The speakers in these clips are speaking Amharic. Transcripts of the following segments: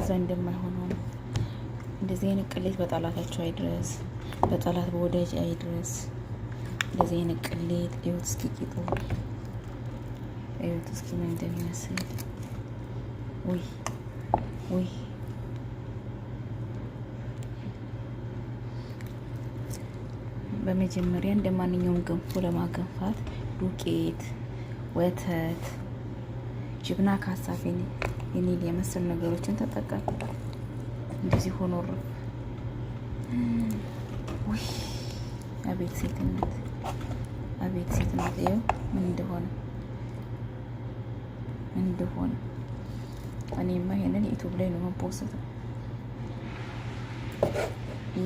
እዛ እንደማይሆነው ነው። እንደዚህ አይነት ቅሌት በጠላታቸው አይድረስ፣ በጠላት በወዳጅ አይድረስ። እንደዚህ አይነት ቅሌት እዩት እስኪ፣ ቂጡ እዩት እስኪ ምን እንደሚያስል ውይ ውይ በመጀመሪያ እንደ ማንኛውም ገንፎ ለማገንፋት ዱቄት፣ ወተት ጅብና ካሳፊ የኔል የመሰል ነገሮችን ተጠቀም። እንደዚህ ሆኖር ውይ አቤት ሴትነት፣ አቤት ሴትነት። ይኸው ምን እንደሆነ ምን እንደሆነ እኔማ ይሄንን ዩቱብ ላይ ነው የምፖስተው።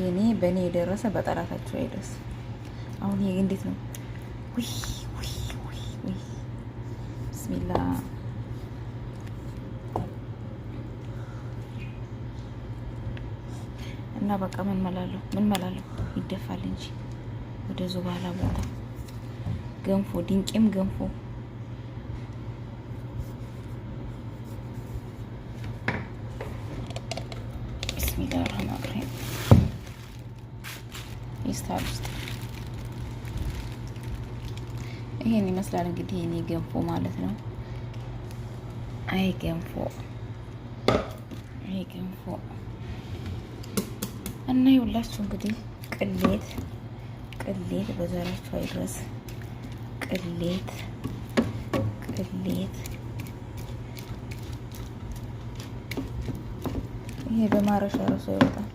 የኔ በእኔ የደረሰ በጠላታቸው አይደርስ። አሁን ይሄ እንዴት ነው? ውይ ውይ ውይ ውይ ብስሚላ እና በቃ ምን መላለሁ ምን መላለሁ ይደፋል እንጂ ወደ ዙባላ ቦታ ገንፎ ድንቄም ገንፎ ይሄን ይመስላል እንግዲህ እኔ ገንፎ ማለት ነው። አይ ገንፎ አይ ገንፎ እና ይኸውላችሁ እንግዲህ ቅሌት ቅሌት በዘራችሁ አይድረስ። ቅሌት ቅሌት ይሄ በማረሻ ራሱ ይወጣል።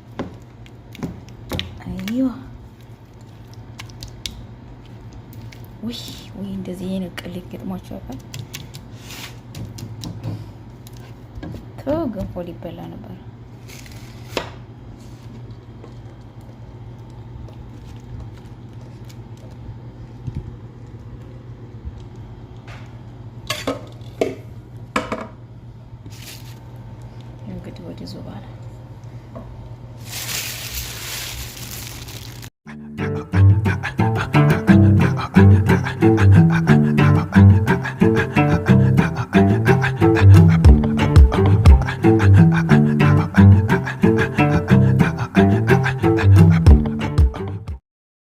አይዋ ውይ ውይ እንደዚህ ይሄን ቅሌት ገጥሟችሁ ያውቃል? ተው ገንፎ ሊበላ ነበር። vou desovar.